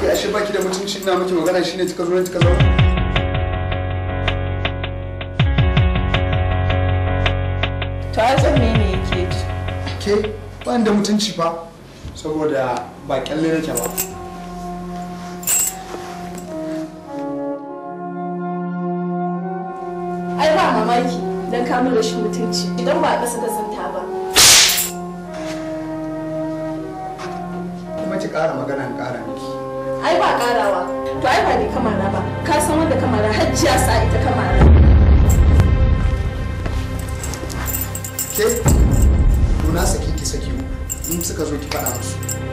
ke ashe baki da mutunci ina miki magana shine kika zo kika zauna to ai san ne yake ji ke ba da mutunci fa saboda ba kyalle nake ba ai ba mamaki dan ka mun rashin mutunci idan ba ƙasa ka santa ba kuma ki ƙara magana ƙara miki ai ba karawa to ai ba ni kamara ba ka san wanda kamara hajjiya sa ita kamara ke kuna saki ki saki in suka zo ki faɗa musu